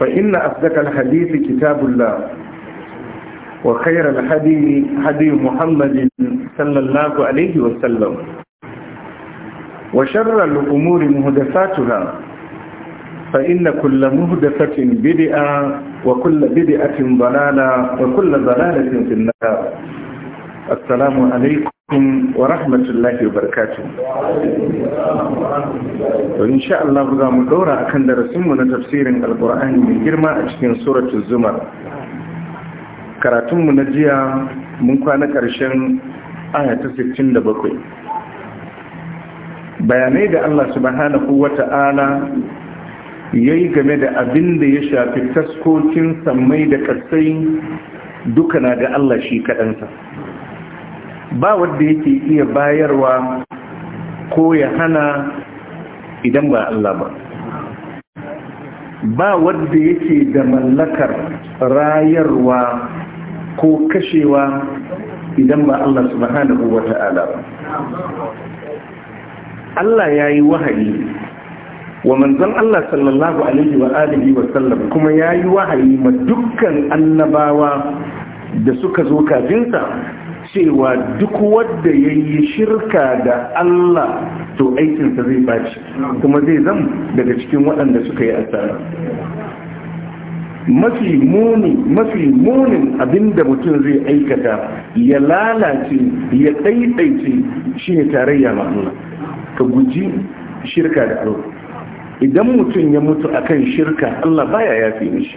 فإن أصدق الحديث كتاب الله وخير الحديث حديث محمد صلى الله عليه وسلم وشر الأمور مهدفاتها فإن كل مهدفة بدئة وكل بدئة ضلالة وكل ضلالة في النار السلام عليكم wa rahmatullahi wa barakatuh to insha Allah za mu dora akan darasinmu na tafsirin alqur'ani mai girma a cikin suratul zumar karatunmu na jiya mun kwana karshen aya ta 67 bayanai da Allah subhanahu wata'ala yayi game da abin da ya shafi taskokin sammai da ƙasai, duka na ga Allah shi kaɗansa. ba wanda yake iya bayarwa ko ya hana idan ba Allah ba ba wanda yake da mallakar rayarwa ko kashewa idan ba Allah subhanahu wa ta'ala ba Allah ya yi wahayi wa manzon Allah sallallahu alaihi wa alihi wa sallam kuma ya yi wahayi ma dukkan annabawa da suka zo kafinsa cewa duk wadda ya yi shirka da Allah to aikinsa zai baci kuma zai zama daga cikin waɗanda suka yi asara mafi muni mafi munin abinda mutum zai aikata ya lalace ya ɗaiɗaice shi ne tarayya ma Allah ka guji shirka da Allah idan mutum ya mutu akan shirka Allah baya yafe mishi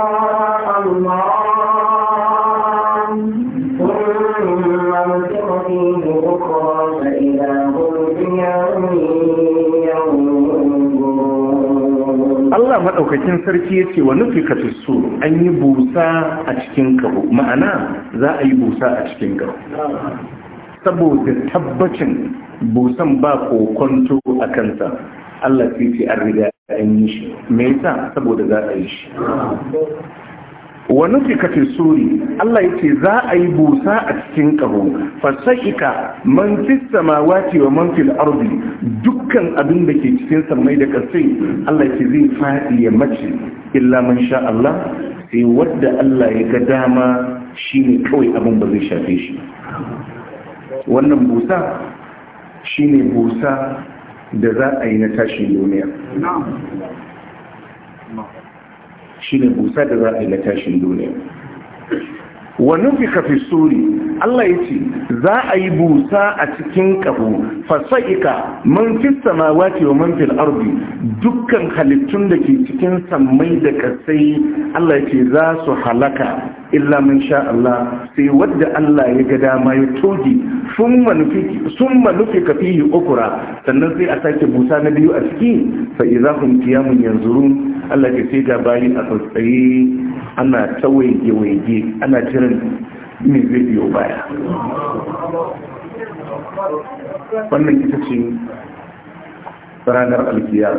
Allah maɗaukakin sarki ya ce wa nufi su an yi busa a cikin kaho ma'ana za a yi busa a cikin kaho saboda tabbacin busan ba kokonto a kansa Allah sai an riga an yi shi me sa saboda za a yi shi wani fikatin suri Allah ya ce za a yi busa a cikin ƙaho fasa'ika man ma wace wa man fil ardi dukkan abin da ke cikin samai da ƙasai Allah ya ce zai faɗi ya mace illa man sha Allah sai wadda Allah ya ga dama shine kawai abin ba zai shafe shi wannan busa shine busa da za a yi na tashin duniya shi ne busa da za a yi na tashin duniya wa nufika fi suri Allah ya ce za a yi busa a cikin kaho fasa'ika man fi samawati wa man fil ardi dukkan halittun da ke cikin sammai da kasai Allah ya ce za su halaka illa man sha Allah sai wadda Allah ya ga dama ya toge sun manufi ka fihi ukura sannan sai a sake busa na biyu a ciki fa idza hum qiyamun yanzurun Allah ya ce ga bayi a tsaye ana ta waige-waige ana jiran mai zai baya wannan ita ce ranar alkiyar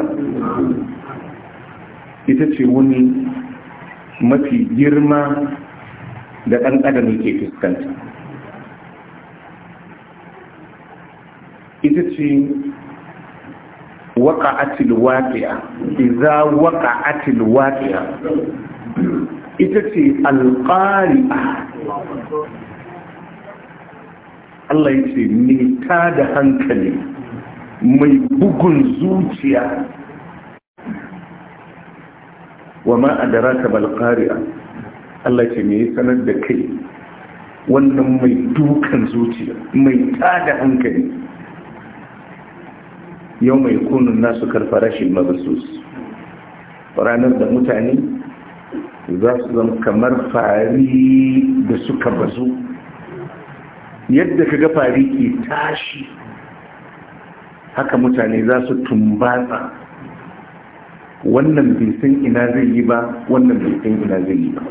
ita ce wani mafi girma da ɗan adam ke fuskanta ita ce waƙa'atil iza waƙa'atil ita ce alƙari'a Allah ya ce mai ta da hankali mai bugun zuciya wa ma a dara balƙari'a Allah ce mai sanar da kai wannan mai dukan zuciya mai ta hankali yau mai kunun nasu karfara shi mabasus ranar da mutane za su zama kamar fari da suka bazu yadda ka ga fari ke tashi haka mutane za su tumbatsa wannan bai ina zai yi ba wannan bai san ina zai yi ba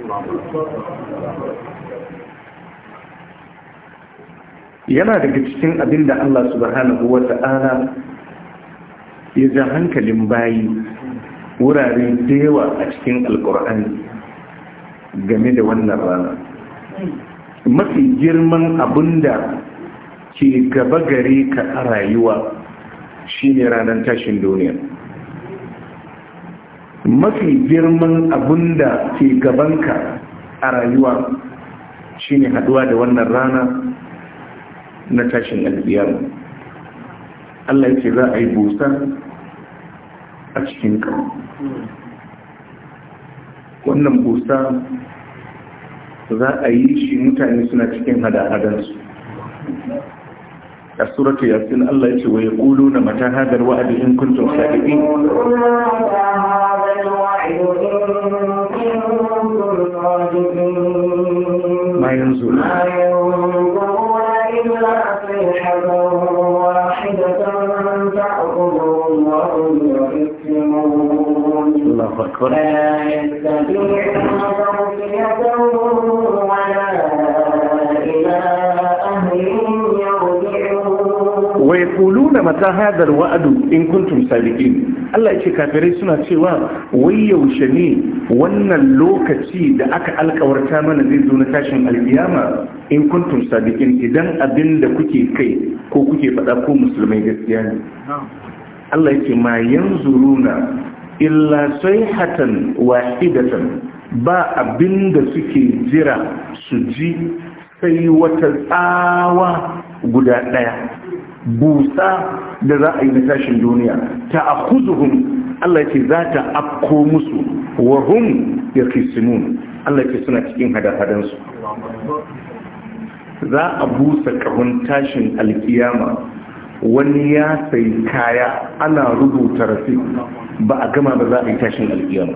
yana daga cikin abin da Allah subhanahu wa ta'ala ya ja hankalin bayi wurare da yawa a cikin alkur'ani game da wannan rana mafi girman abin da ke gaba gare ka a rayuwa shine ranar tashin duniya mafi girman abin da ke gabanka a rayuwa shine haduwa da wannan rana na tashin albiyar Allah ya ce za a yi busa a cikin kawo wannan busa za a yi shi mutane suna cikin hada-hadansu a suratu yasin Allah ya ce wa ya ƙulu na mata hadar wa'adu in kuntum sadiqi ma yanzu ma الله أكبر فلا يستطيعون توصية ولا إلى Allah ce kafirai suna cewa wai yaushe ne wannan lokaci da aka alkawarta mana zai zo na tashin alkiyama in kuntum sadiqin idan abin da kuke kai ko kuke faɗa ko musulmai gaskiya ne Allah ce ma yanzuruna illa sayhatan wahidatan ba abin da suke jira su ji sai wata tsawa guda ɗaya busa da za a yi na tashin duniya ta akuzuhun Allah ce za ta afko musu wa hum ya kisimun Allah ce suna cikin hada-hadansu za a busa ƙahun tashin alkiyama wani ya sayi kaya ana rubuta rafi ba a gama ba za a yi tashin alƙiyar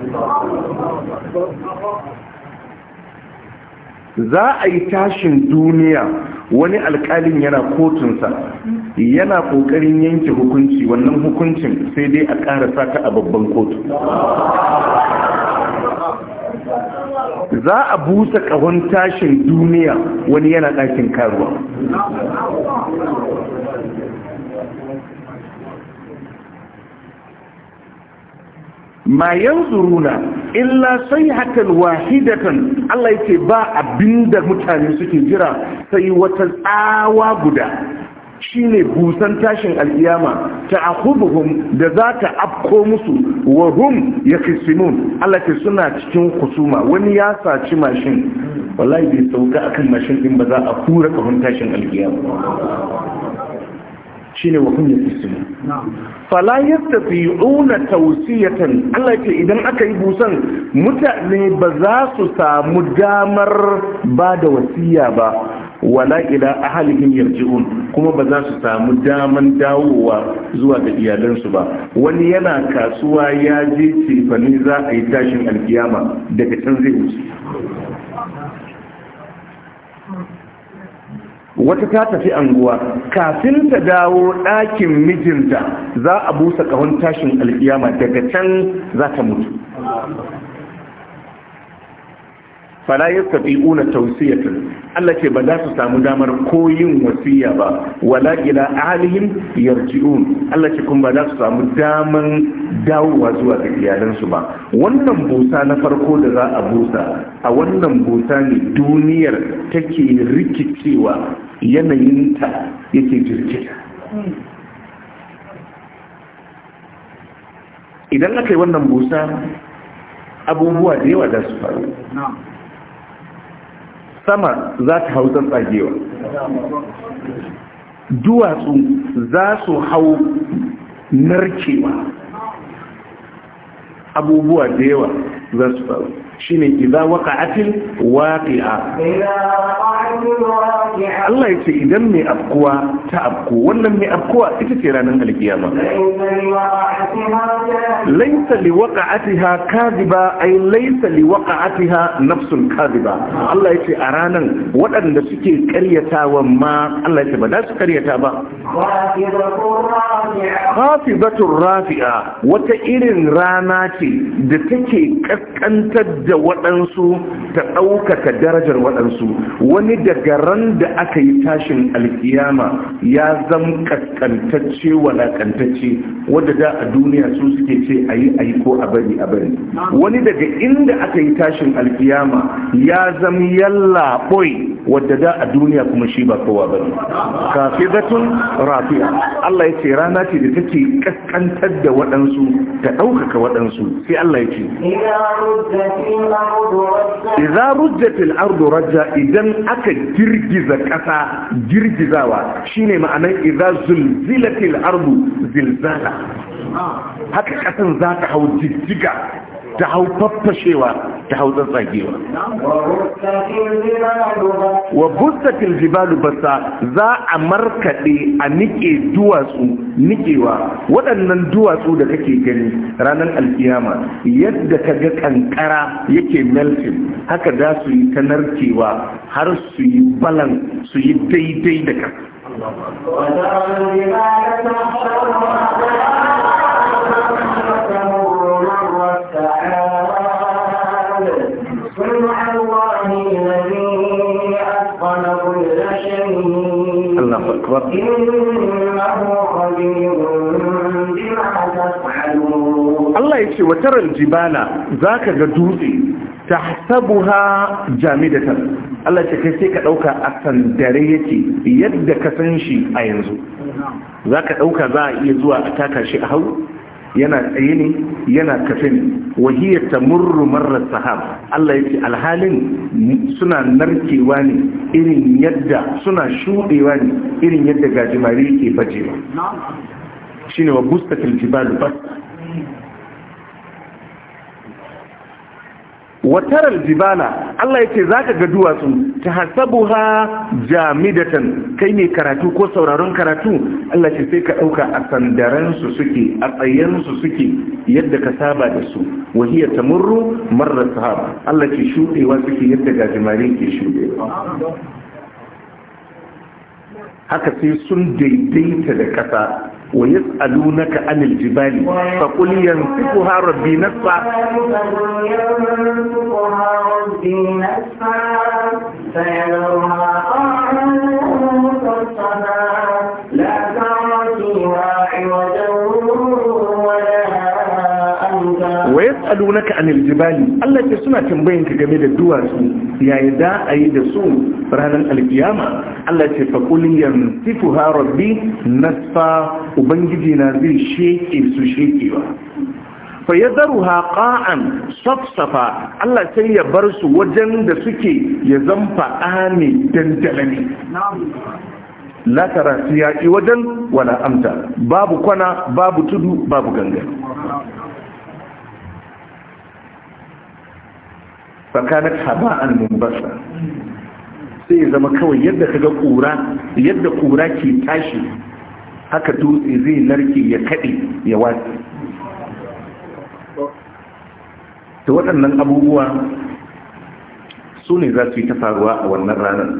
za a yi tashin duniya wani alƙalin yana kotunsa yana ƙoƙarin yanke hukunci wannan hukuncin sai dai a ƙara sata a babban kotu za a busa ƙahon tashin duniya wani yana ɗakin karuwa ma yanzuruna illa sayhatan wahidatan Allah yake ba abinda mutane suke jira sai wata tsawa guda shine busan tashin alkiyama ta akhubuhum da za ta afko musu wa hum yakisimun Allah ke suna cikin kusuma wani ya saci mashin wallahi bai sauka akan mashin din ba za a kura kahun tashin alkiyama shine wa hum na fala yastati'una tawsiyatan Allah ke idan aka yi busan mutane ba za su samu damar ba da wasiya ba wala ila ahalihim yarji'un kuma ba za su samu daman dawowa zuwa ga iyalansu ba wani yana kasuwa ya je tifani za a yi tashin alkiyama daga can zai wuce wata ta tafi anguwa kafin ta dawo ɗakin mijinta za a busa ƙahon tashin alƙiyama daga can za ta mutu fala yastati'una tawsiyatan Allah ce ba za su samu damar koyin wasiya ba wala ila ahlihim yarji'un Allah ce kuma ba za su samu daman dawowa zuwa ga iyalansu ba wannan busa na farko da za a busa a wannan busa ne duniyar take rikicewa yanayin yanayinta yake jirkita idan aka yi wannan busa abubuwa da yawa za su faru sama za ta hau tsatsagewa duwatsu za su hau narkewa abubuwa da yawa za su faru shine idza waqa'atil waqi'a Allah ya ce idan mai afkuwa ta afku wannan mai afkuwa ita ce ranar alkiyama laisa li waqa'atiha kadhiba ay laisa li waqa'atiha nafsun kadhiba Allah ya ce a ranan waɗanda suke karyata wa ma Allah ya ce ba za su karyata ba khafidatur rafi'a wata irin rana ce da take ƙasƙantar da waɗansu ta ɗaukaka darajar waɗansu wani daga ran da aka yi tashin alkiyama ya zam ƙasƙantacce ƙantacce, wadda da a duniya su suke ce a yi ayi ko a bari a bari wani daga inda aka yi tashin alkiyama ya zam yallaɓoi wadda da a duniya kuma shi ba kowa bane kafidatun rafiya. Allah yace rana ce da take kaskantar da waɗansu, ta ɗaukaka waɗansu. sai Allah yace idza rujjatil ardu rajja idan aka girgiza ƙasa, girgizawa shine ma'anar idza zulzilatil ardu zilzala haka ƙasan za ta hau jijjiga ta hau faffashewa ta hau tsatsagewa wa bustatil jibalu basa za a markaɗe a niƙe duwatsu niƙewa waɗannan duwatsu da kake gani ranar alkiyama yadda ka ga kankara yake melting haka za su yi ta narkewa har su yi balan su yi daidai da ka أكبر Allah ya ce wa tarar jibala za ka ga dutse ta sabu ha jami'atar Allah ce kai sai ka ɗauka a sandare yake yadda ka san shi a yanzu za ka ɗauka za a iya zuwa a taka shi a hau yana tsaye ne yana kafin ne wahiyar ta murru marar sahab Allah ya ce alhalin suna narkewa ne irin yadda suna shuɗewa ne irin yadda gajimare ke fajewa shine wa bustatil jibalu bas wataral jibala Allah ya ce za ka ga duwatsu ta hasabu ha jamidatan kai ne karatu ko sauraron karatu Allah ce sai ka ɗauka a sandaransu suke a tsayensu suke yadda ka saba da su wahiyar ta murru marar sahaba Allah ce shuɗewa suke yadda gajimare ke shuɗewa haka sai sun daidaita da ƙasa ويسألونك عن الجبال فقل ينسفها ربي نسفا فيذرها قاعا yas'alunaka anil jibali Allah ke suna tambayin ka game da duwatsu yayi da ayi da su ranar alkiyama Allah ce fa qul yansifuha rabbi nasfa ubangiji na zai sheke su shekewa fa yadharuha qa'an safsafa Allah sai ya bar su wajen da suke ya zamfa ani dandalani la tara siyaqi wajen wala amta babu kwana babu tudu babu ganga fakanat haba'an mumbasa sai ya zama kawai yadda ga kura yadda kura ke tashi haka dutse zai narke ya kaɗe ya wasu da waɗannan abubuwa su ne za su yi ta faruwa a wannan ranar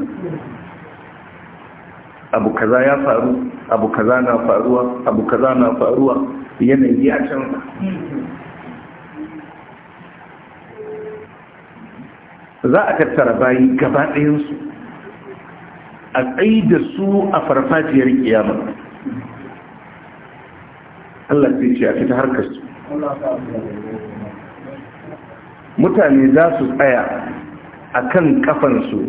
abu kaza ya faru abu kaza na faruwa abu kaza na faruwa yanayi a can za a tattara bayi gaba ɗayansu a tsayi da su a farfajiyar kiyama Allah sai ce a fita harkar su mutane za su tsaya a kan kafansu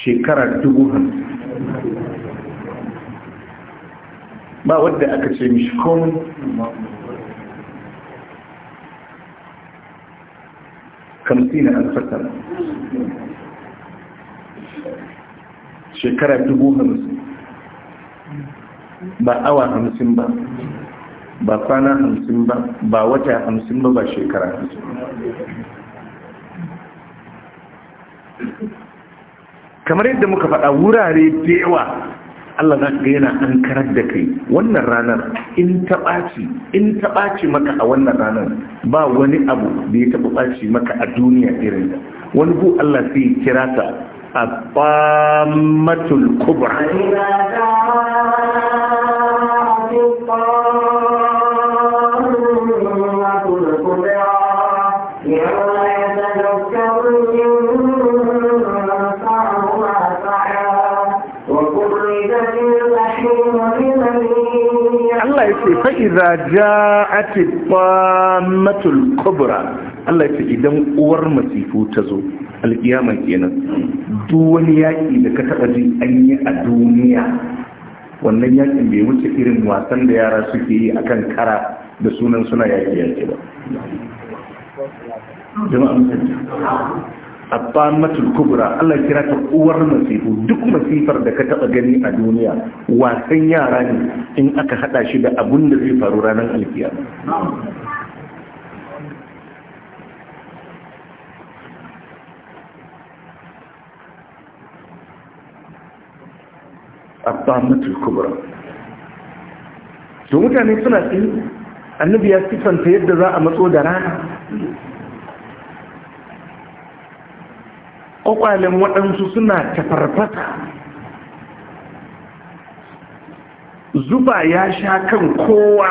shekarar dubu hamsin ba wadda aka ce mishi komai. kamsin alfatar shekara dubu hamsin ba awa hamsin ba ba kwana hamsin ba ba wata hamsin ba ba shekara hamsin kamar yadda muka faɗa wurare da yawa Allah za ga yana an karar da kai wannan ranar in ta ɓaci in ta ɓaci maka a wannan ranar ba wani abu da ya taɓa ɓaci maka a duniya irin da wani ku Allah sai kira ta a ƙwamatul kubra idza ja'at tammatul kubra Allah ya idan uwar masifu ta zo alkiyama kenan duk wani yaƙi da ka taɓa ji an yi a duniya wannan yakin bai wuce irin wasan da yara suke yi akan kara da sunan suna yaki yaki ba abamatul kubra Allah kira ta uwar masifu duk masifar da ka taba gani a duniya wasan yara ne in aka hada shi da abun da zai faru ranar alkiyama abamatul kubra to mutane suna tsaye annabi ya sifanta yadda za a matso da rana ƙwaƙwalen waɗansu suna tafarfata zuba ya sha kan kowa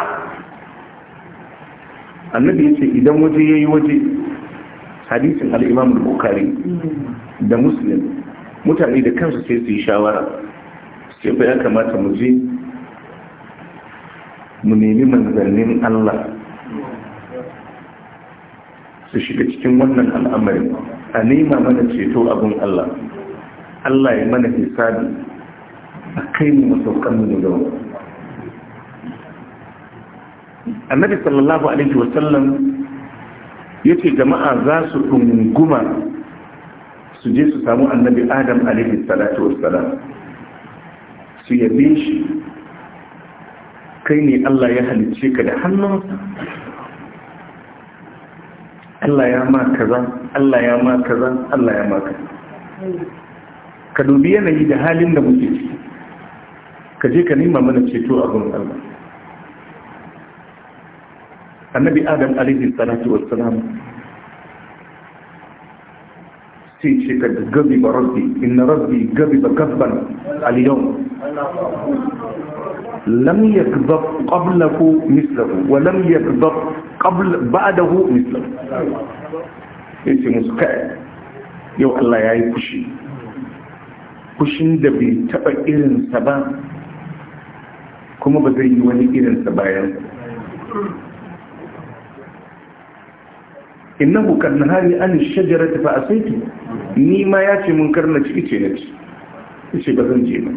annabi ya ce idan waje ya yi waje hadisin al'imam bukari da muslim mutane da kansu sai su yi shawara sai ba ya kamata mu je mu nemi manzannin allah su shiga cikin wannan al'amarin a nema mana ceto abin Allah Allah ya mana hisabi a kai mu masaukan mu da wani annabi sallallahu alaihi wasallam ya ce jama'a za su ɗunguma su je su samu annabi adam alaihi salatu wa wassalam su yabe shi kai ne Allah ya halicce ka da hannunsa Allah ya ma kaza Allah ya ma kaza Allah ya ma kaza ka dubi yanayi da halin da muke ciki ka je ka nima mana ceto a gurin Allah annabi adam alaihi salatu wassalam sai ce ka gabi ba rabbi inna rabbi gabi ba gasban al-yawm lam yakzab qablahu mislahu wa lam yakzab qabl ba'dahu mislahu yace musu kai yau Allah yayi fushi fushin da bai taba irin sa ba kuma ba zai yi wani irin sa bayan innahu kan nahari an shajarati fa asaitu ni ma yace mun karna ci ce na ci ba zan je ba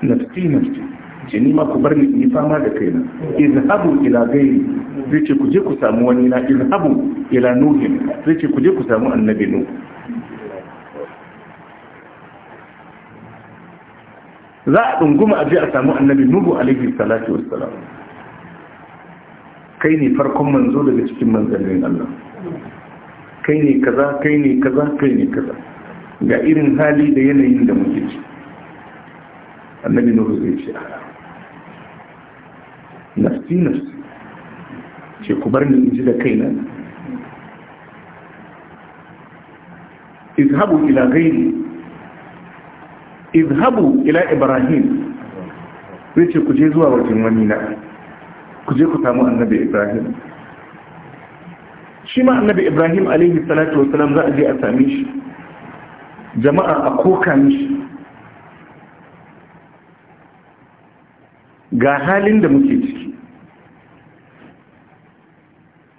nafsi nafsi ce ni ma ku bar ni ni fama da kaina izhabu ila gairi zai ce ku je ku samu wani na izhabu ila nuhin zai ce ku je ku samu annabi nu za a dunguma a je a samu annabi nuhu alaihi salatu wassalam kai ne farkon manzo daga cikin manzannin Allah kai ne kaza kai ne kaza kai ne kaza ga irin hali da yanayin da muke ci annabi nuhu zai ce a nafsi ce ku bar ni in ji da kaina izhabu ila gairi izhabu ila ibrahim zai ce ku je zuwa wajen wani na ku je ku samu annabi ibrahim shi ma annabi ibrahim alaihi salatu wasalam za a je a sami shi jama'a a koka mishi ga halin da muke ciki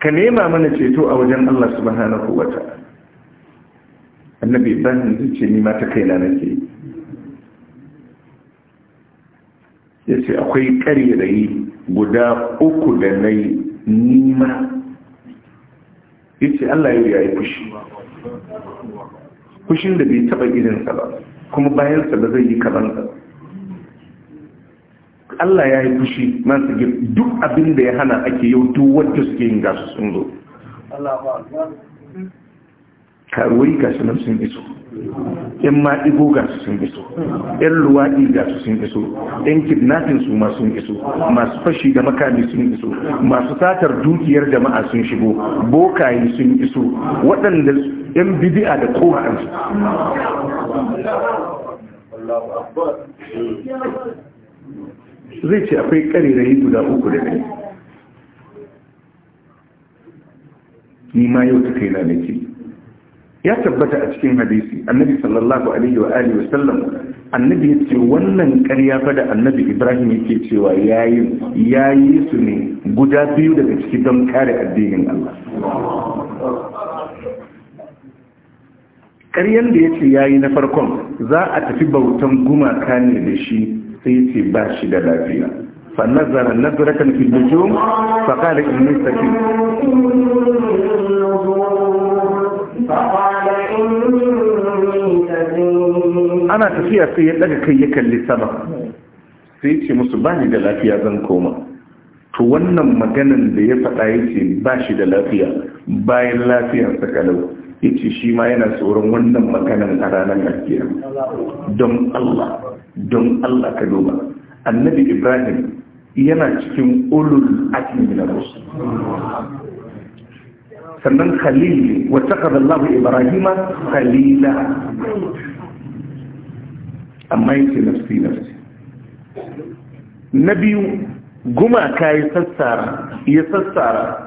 ka nema mana ceto a wajen Allah subhanahu wa ta annabi ibrahim zai ce ni ma ta kaina nake ya ce akwai ƙarerayi guda uku da na yi nima ya ce Allah yau ya yi fushi fushin da bai taɓa irinsa ba kuma bayansa ba zai yi kamansa Allah ya yi fushi masu duk abin da ya hana ake yau duk wadda suke yin gasu sun zo karuwai gasu nan sun iso yan maɗigo gasu sun iso yan luwaɗi gasu sun iso yan kidnafin su masu sun iso masu fashi da makami sun iso masu satar dukiyar jama'a sun shigo bokaye sun iso waɗanda yan bidi'a da kowa an su zai ce akwai ƙarirayi guda uku da ɗaya ni ma yau ta kai na nake ya tabbata a cikin hadisi annabi sallallahu alaihi wa alihi wasallam annabi ya ce wannan ƙarya fa da annabi ibrahim yake cewa yayi yayi su ne guda biyu daga ciki don kare addinin Allah ƙaryan da ya ce yayi na farkon za a tafi bautan gumaka ne da shi sai ce ba shi da lafiya فنظر نظرة في النجوم فقال إني سكين ana tafiya sai ya daga kai ya kalli sama sai ce musu ba da lafiya zan koma to wannan maganan da ya faɗa ya ce ba shi da lafiya bayan lafiyar kalau ya shi ma yana tsoron wannan maganan a ranar gaskiya don Allah don Allah ka duba annabi ibrahim yana cikin ulul azmi na sannan khalil wa taqaddama Allah ibrahim khalila amma yake nafsi nafsi na biyu gumaka sassara ya sassara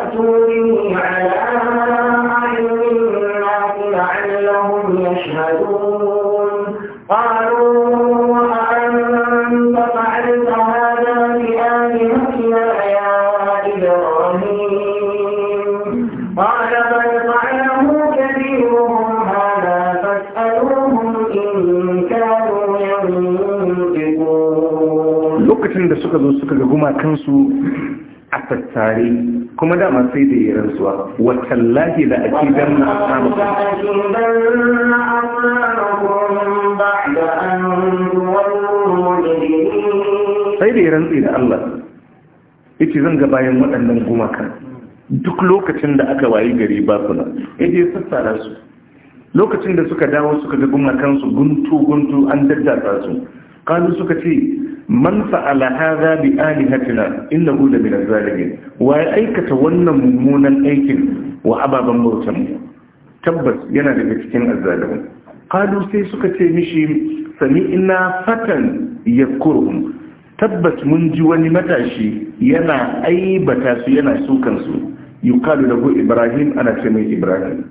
فأتوا به على dama sai da yi rantsuwa wa tallahi la akidan na asamakum sai da yi rantsi da Allah yace zan ga bayan waɗannan gumakan duk lokacin da aka wayi gari ba su nan yace sassara su lokacin da suka dawo suka ga gumakan su guntu guntu an daddasa su kalu suka ce man fa'ala hadha bi alihatina innahu la min az-zalimin wa ya aikata wannan mummunan aikin wa ababen bautan tabbas yana daga cikin azzalimin qalu sai suka ce mishi sami'na fatan yakuruhum tabbas mun ji wani matashi yana aibata su yana sukan su yukalu lahu ibrahim ana ce mai ibrahim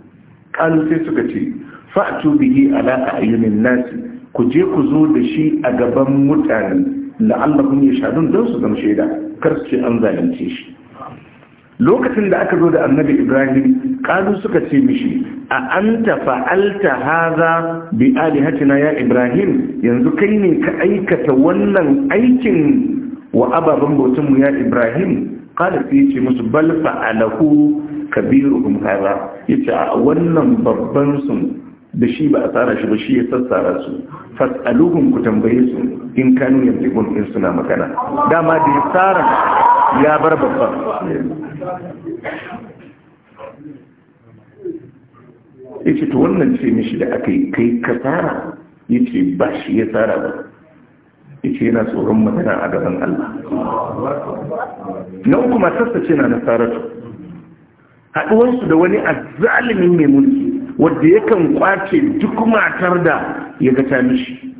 qalu sai suka ce fa'tu bihi ala ayyumin nasi ku je ku zo da shi a gaban mutane la'allahum yashhadun don su zama shaida kar su ce an zalunce shi lokacin da aka zo da annabi ibrahim kalu suka ce mishi a anta fa'alta haza bi alihatina ya ibrahim yanzu kai ne ka aikata wannan aikin wa ababen bautunmu ya ibrahim kala sai ce musu bal kabiru kabiruhum haza yace a wannan babban sun da shi ba a tsara shi ba shi ya sassara su fas'aluhum ku tambaye su in kanu yamligun in suna magana dama da ya tsara ya bar babban ya ce to wannan ce mishi da aka yi kai ka tsara ya ce ba shi ya tsara ba ya ce yana tsoron magana a gaban Allah na uku matarsa ce na Saratu? haɗuwarsu da wani azalimin mai mulki wadda yakan kwace duk matar da ya gata mishi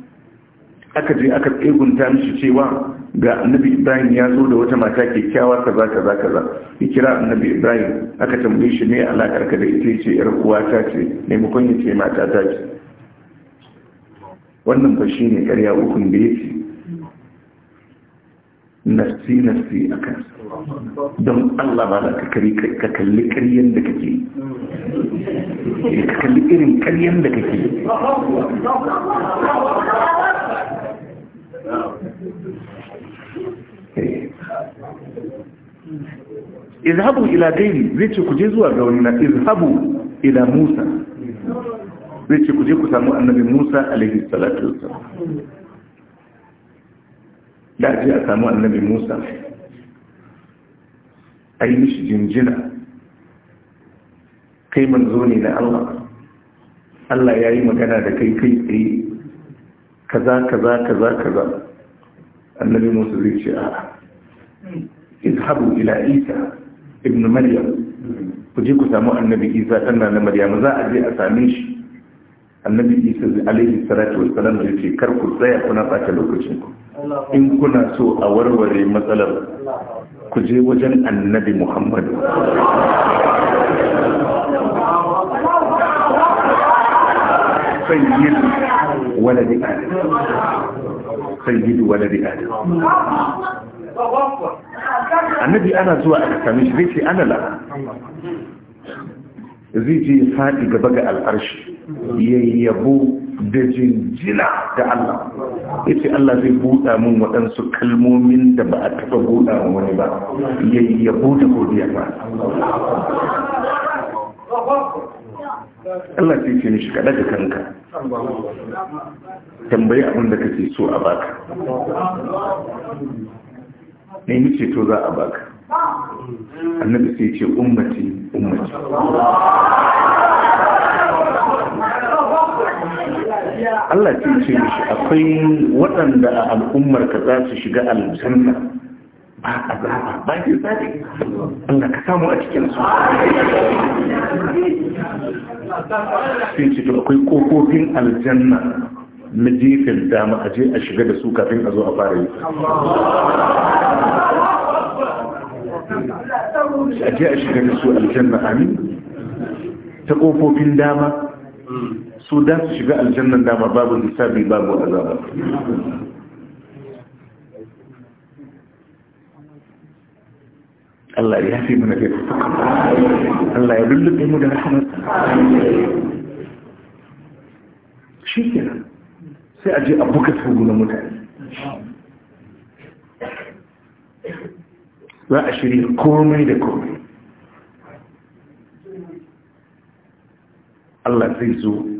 aka je aka tsegunta mishi cewa ga annabi ibrahim ya zo da wata mata kyakkyawa kaza kaza kaza ya kira annabi ibrahim aka tambaye shi ne alakar ka da ita ce yar uwata ce maimakon ya ce mata ta ce wannan ba shi ne karya ukun da yake nasti nasti a kansa don Allah ba za ka kalli ƙaryen da kake ka kalli irin ƙaryen da kake izhabu ila gairi zai ce ku je zuwa ga wani na izhabu ila musa zai ce ku je ku samu annabi musa alaihi salatu wasu da a je a samu annabi musa a yi mishi jinjina kai manzo ne na Allah Allah ya yi magana da kai kai tsaye kaza kaza kaza kaza annabi musu zai ce a izhabu ila isa ibn maryam ku je ku samu annabi isa ɗan na maryam za a je a same shi annabi isa alaihi salatu wassalam ya ce kar ku tsaya kuna bata lokacin ku in kuna so a warware matsalar kuje wajen annabi Muhammad. sayyid waladi adam sayyid waladi adam annabi ana zuwa a sami shi zai ce ana la zai je faɗi gaba ga al'arshi yayyabo da jinjina da Allah ya ce Allah zai buɗa min waɗansu kalmomin da ba a taɓa buɗa wani ba ya buɗe godiya ba Allah ce ce mishi kaɗa da kanka tambayi abin da kake so a baka nemi to za a baka annabi sai ce ummati ummati Allah ce ce mishi akwai waɗanda a al'ummar ka za su shiga aljanna ba a zaba ba ke zaɓe Allah ka samu a cikin su sai ce to akwai ƙofofin aljanna na jefin dama a je a shiga da su kafin a zo a fara yi a je a shiga da su aljanna amin ta ƙofofin dama su da su shiga aljannan dama babu lissafi babu azaba Allah ya fi mana kai Allah ya lullube mu da rahmat shi kenan sai a je a buka sabu na mutane za a shirya komai da komai Allah zai zo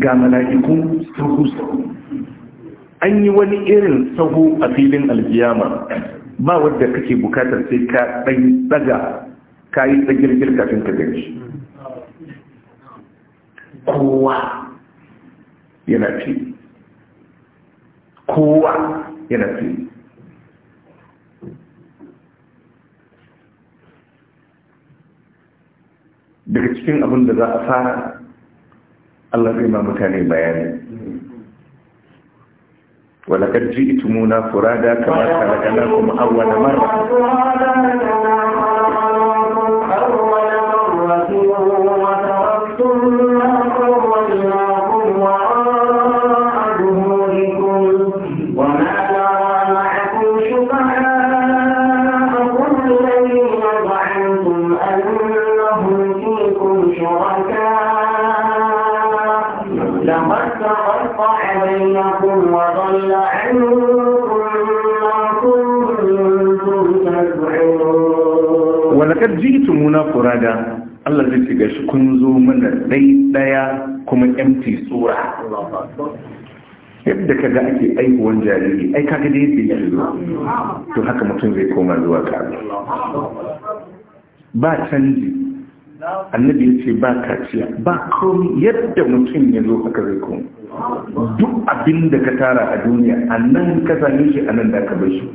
ga mala'iku sahu sahu an yi wani irin sahu a filin alkiyama ba wadda kake bukatar sai ka ɗan daga ka yi tsagirgir kafin ka gani kowa yana fi kowa yana fi daga cikin abin da za a fara Allah zai ma mutane bayani. Walakar ji itimu na furada kamar kalagana kuma awwala marra. Allah zai ma mutane walakar jitu muna furada Allah zai ce gashi kun zo mana dai daya kuma empty tsura yadda ka ga ake aihuwan jariri ai kaga dai yadda yake zuwa to haka mutum zai koma zuwa ka ba canji annabi ya ce ba kaciya ba komi yadda mutum ya zo haka zai koma duk abin da ka tara a duniya a nan ka zane shi a nan da ka bai shi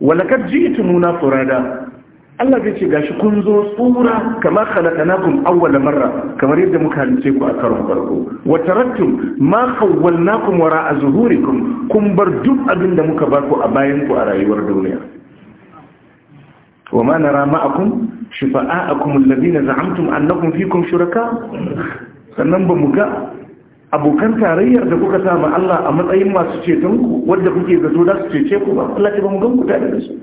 walakar na furada Allah zai ce gashi kun zo tsura kama khalaqnakum awwala marra kamar yadda muka halice ku a karon farko wa taraktum ma wara a zuhuri kun bar duk abin da muka baku a bayan ku a rayuwar duniya wa ma a ma'akum shifa'a'akum alladhina za'amtum annakum fikum shuraka sannan ba mu ga abokan tarayyar da kuka sa ma Allah a matsayin masu ceton ku wanda kuke zato za su cece ku ba Allah ce ba mu gan ku tare da su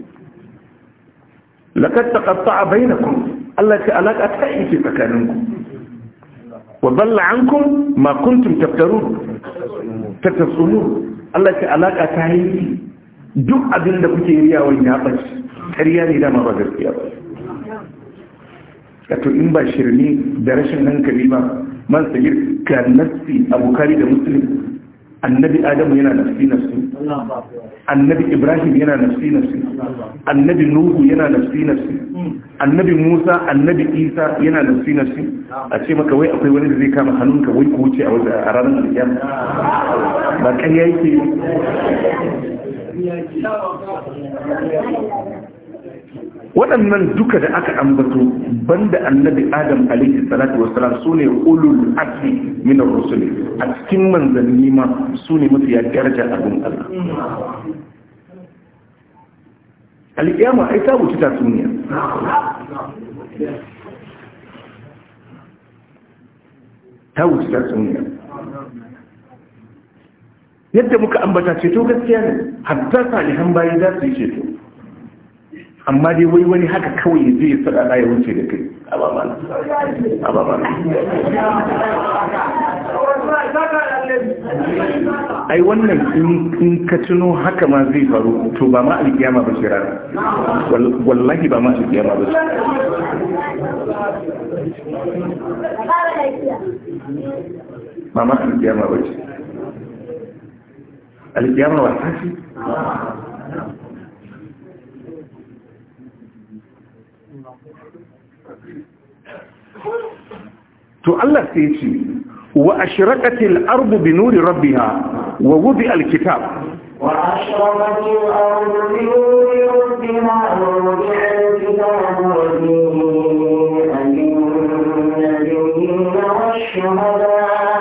laqad taqatta'a bainakum Allah ce alaka ta yake tsakanin ku wa dalla ankum ma kuntum taftarun tatasumun Allah ce alaka ta yi duk abin da kuke wa ya bace kariya ne dama ba gaskiya ba to in ba shirme da rashin hankali ba man sayir ka nafsi abukari da muslim annabi adamu yana nafsi nafsi annabi ibrahim yana nafsi nafsi annabi nuhu yana nafsi nafsi annabi musa annabi isa yana nafsi nafsi a ce maka wai akwai wani da zai kama hannunka wai ku wuce a ranar alƙiyar ba ƙarya yake waɗannan duka da aka ambato banda annabi adam alaihi salatu salam su ne ulul azmi min ar-rusul a cikin manzanni ma su ne mafiya daraja a gun Allah al-qiyama ai ta wuce duniya ta wuce duniya yadda muka ambata ceto gaskiya ne hatta salihan bayi za su yi ceto amma dai wai wani haka kawai zai yi ya ya wuce da kai abamana abamana ai wannan in ka tuno haka ma zai faru to ba ma alkiyama ba ce rana wallahi ba ma alkiyama ba ce ba ma alkiyama ba ce alkiyama wasa ce to Allah sai ce wa ashraqatil ardu bi nuri rabbiha wa wudi alkitab wa ashraqatil ardu bi nuri rabbiha wa wudi alkitab wa ji'a al-nabiyyin wash-shuhada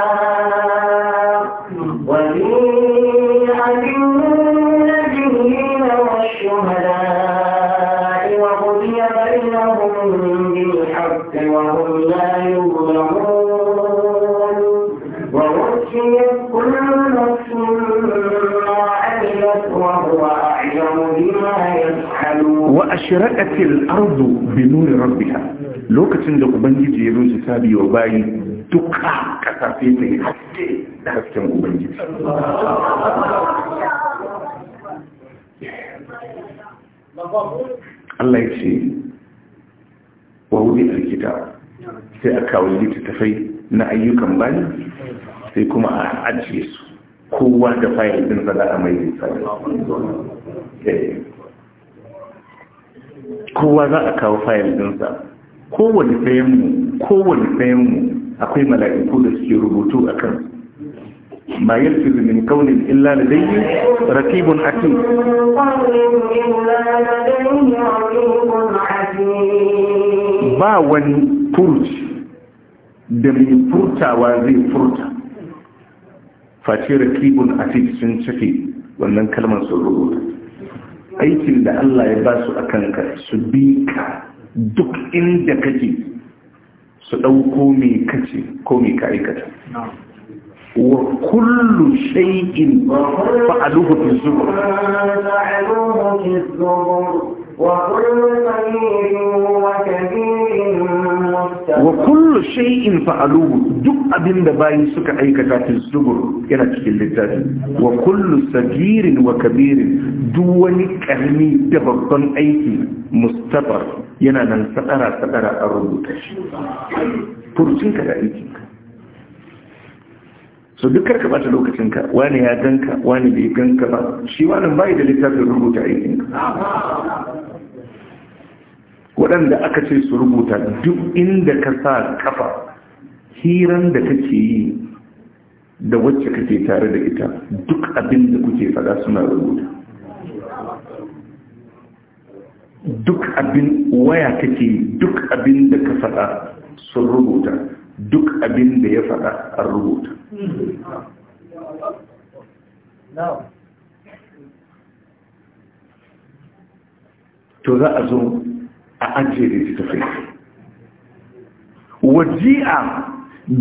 ashraqatil ardu bi nuri rabbiha lokacin da ubangiji ya zo hisabi wa bayi duka kasafe ne ta haske da hasken ubangiji Allah ya ce wa wuri alkita sai a kawo littattafai na ayyukan bayi sai kuma a ajiye su kowa da fayil ɗin za a mai tsari kowa za a kawo fayil ɗinsa kowane ɗayanmu kowane mu akwai mala'iku da suke rubutu a kan ma yalfizu min kaunin illa da daidai rakibun haki ba wani furci da mai furtawa zai furta face rakibun ati sun cike wannan kalmar sun rubuta aikin da Allah ya ba su a kanka su bi ka duk inda kake su ɗauko mai kace ko mai ka aikata wa kullu shay'in fa'aluhu fi zubur وكل صغير وكبير wa kullu shay'in fa'aluhu duk abin da bayi suka aikata fi zubur yana cikin littafi wa kullu sagirin wa kabirin duk wani karni da babban aiki mustafar yana nan sadara sadara a rubuta shi ka da aikinka so duk karka bata lokacinka wani ya ganka wani bai ganka ba shi wani bai da littafin rubuta aikinka waɗanda aka ce su rubuta duk inda ka sa kafa hiran da kake yi da wacce kake tare da ita duk abin da kuke faɗa suna rubuta duk abin waya kake duk abin da ka faɗa sun rubuta duk abin da ya faɗa an rubuta to za a zo a ajiye da fi. waji'a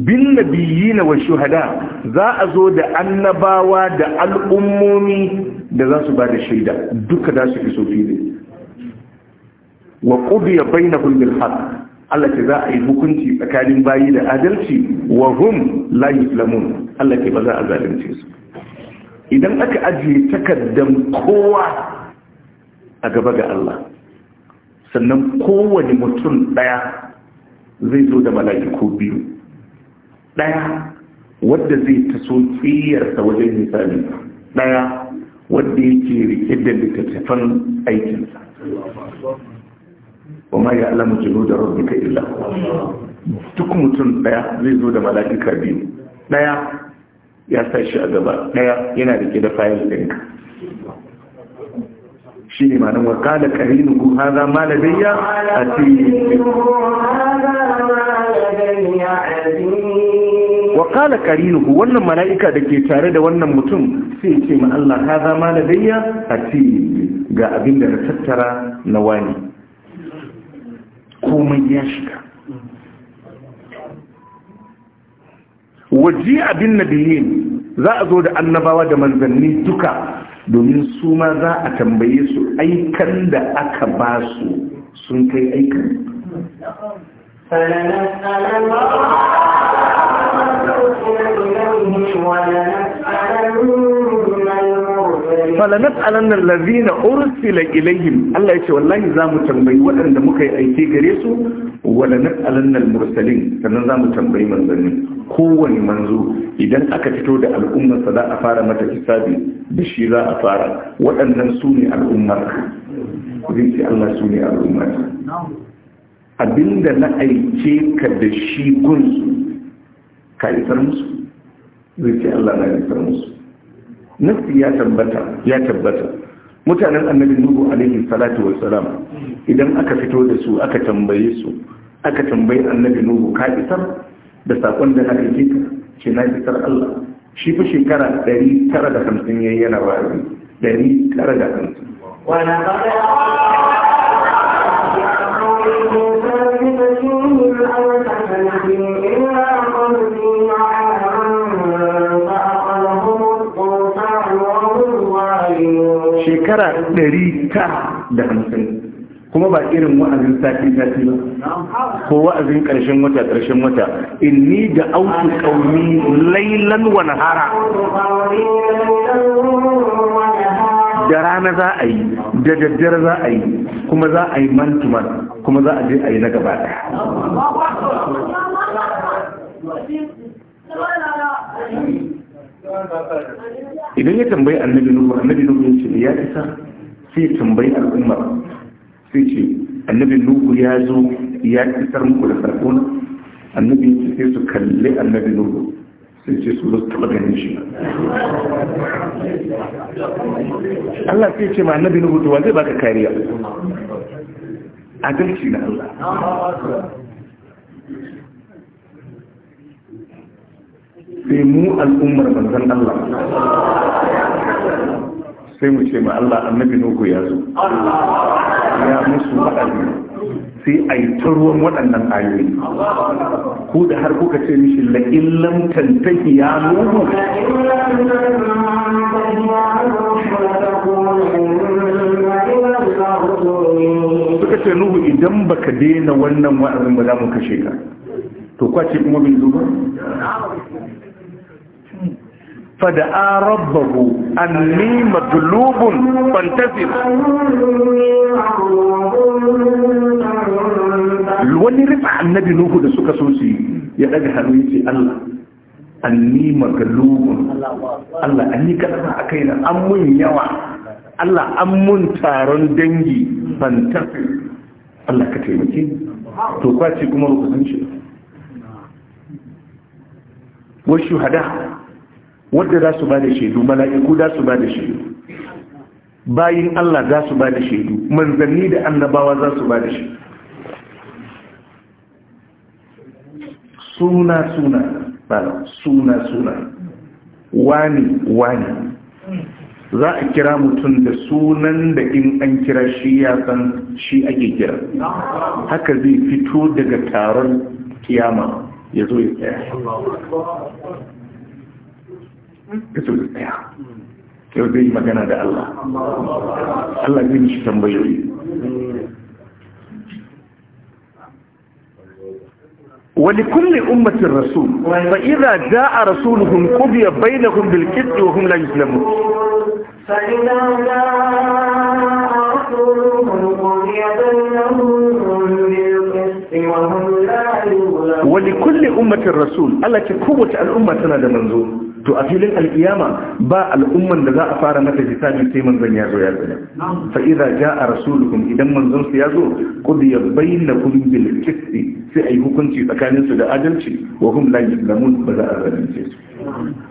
bin nabiyyi na wa shuhada za a zo da annabawa da al'ummomi da za su ba da shaida duka za su fi sofi ne wa ƙudu ya bai na hulmin haka Allah ce za a yi hukunci tsakanin bayi da adalci wa hum la yuzlamun Allah ce ba za a zalunce su idan aka ajiye takardan kowa a gaba ga Allah sannan kowane mutum daya zai zo da mala'iku biyu daya wadda zai taso tsiyarsa wajen misali daya wadda yake rike da littattafan aikinsa wa ma ya alamu jiru da ka illa duk mutum daya zai zo da mala'ika biyu daya ya sa shi a gaba daya yana rike da fayil ɗinka shi ne manan wa kala karinu ku haza ma a ati wa kala karinu wannan mala'ika da ke tare da wannan mutum sai ce ma Allah haza ma a ati ga abin da na tattara na wani komai ya shiga waje abin nabiyin za a zo da annabawa da manzanni duka domin su ma za a tambaye su aikan da aka ba su sun kai aikan فلنسأل الله ونسأل falanat alannan lazina ursila ilayhim Allah ya ce wallahi za mu tambayi waɗanda muka yi aiki gare su walanat alannan mursalin sannan za mu tambayi manzanni kowane manzo idan aka fito da al'ummar za a fara mata hisabi da shi za a fara waɗannan su ne al'ummar zai ce Allah su ne al'ummar abinda na aike ka da shi gunsu ka isar musu zai ce Allah na isar musu nafsi ya tabbata ya tabbata mutanen annabi nuhu alaihi salatu wassalam idan aka fito da su aka tambaye su aka tambayi annabi nuhu ka isar da sakon da aka yi ce na isar Allah shi fi shekara 950 yayi yana wa'azi 950 wa na ya shekara ɗari ta da hamsin kuma ba irin wa'azin sati sati ba ko wa'azin ƙarshen wata ƙarshen wata in ni da autu ƙauni lailan wa nahara da rana za a yi da daddare za a yi kuma za a yi mantuman kuma za a je a yi na gaba ɗaya idan ya tambayi annabi nuhu annabi nuhu ya ce ya isa sai tambayi al'ummar sai ce annabi nuhu ya zo ya isar muku da sarko annabi sai su kalli annabi nuhu sai ce su zai taɓa ganin shi Allah sai ce ma annabi nuhu to wa zai baka kariya adalci na Allah sai mu al'ummar banzan Allah sai mu ce ma Allah annabi nuhu ya zo ya musu wa'azi sai a yi ta ruwan waɗannan ayoyi ku da har kuka ce mishi la illam tantahi ya nuhu suka ce nuhu idan baka daina wannan wa'azin ba za mu kashe ka to kwace kuma bin zuba فدعا ربه أني مغلوب فانتصر wani rufe annabi nuhu da suka so su ya daga hannu ya ce Allah anni magalubun Allah an yi kalma a kaina an mun yawa Allah an mun taron dangi fantastic Allah ka taimake to kwace kuma rukunin shi wasu hada wadda za su ba da shaidu mala'iku za su ba da shaidu bayin Allah za su ba da shaidu manzanni da annabawa za su ba da shaidu suna suna ba suna suna wani wani za a kira mutum da sunan da in an kira shi ya san shi ake kira haka zai fito daga taron kiyama ya zo ya tsaya kasu da tsaya yau makan ada Allah Allah ini mishi tambayoyi ولكل أمة الرسول فإذا جاء رسولهم قضي بينهم بالكذب وهم لا يسلمون فإذا جاء رسولهم قضي بينهم Wani kulle ummatin rasul Allah ce kowace al'umma tana da manzo to a filin al'iyama ba al'umman da za a fara mata hisabi sai manzon ya zo ya tsaya fa idza jaa rasulukum idan manzon su ya zo qudiya bainakum bil qisti sai ai hukunci tsakanin su da adalci wa hum la yuzlamun ba za a zalunce su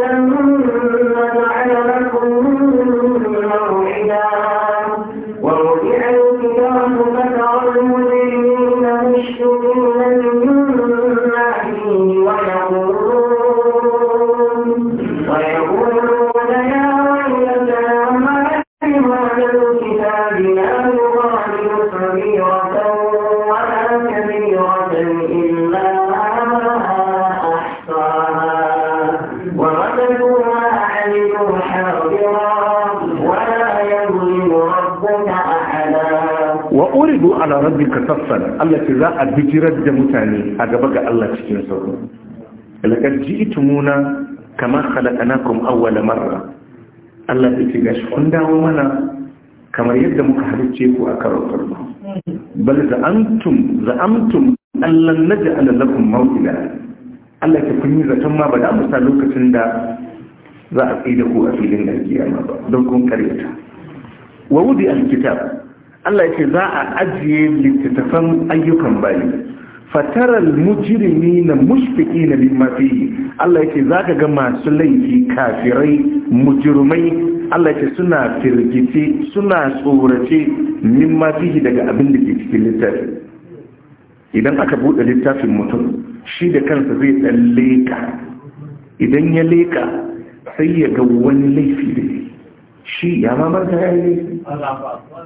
rabbika saffan Allah ce za a bijirar da mutane a gaba ga Allah cikin sauro laqad ji'tumuna kama khalaqnakum awwala marra Allah ya ce gashi kun dawo mana kamar yadda muka halicce ku a karon farko bal da antum za amtum allan naj'al lakum mawqila Allah ya kun yi zaton ma ba da amsa lokacin da za a tsida ku a filin da kiyama ba don kun karyata wa wudi alkitab Allah ya ce za a ajiye littattafan ayyukan bayi fataral mujirimi na mushfiki na limafi Allah ya za ka ga masu laifi kafirai mujirimai. Allah ya suna firgice suna tsorace limafi daga abin da ke cikin littafi idan aka buɗe littafin mutum shi da kansa zai ɗan leka idan ya leka sai ya ga wani laifi da shi ya mamar ta yayi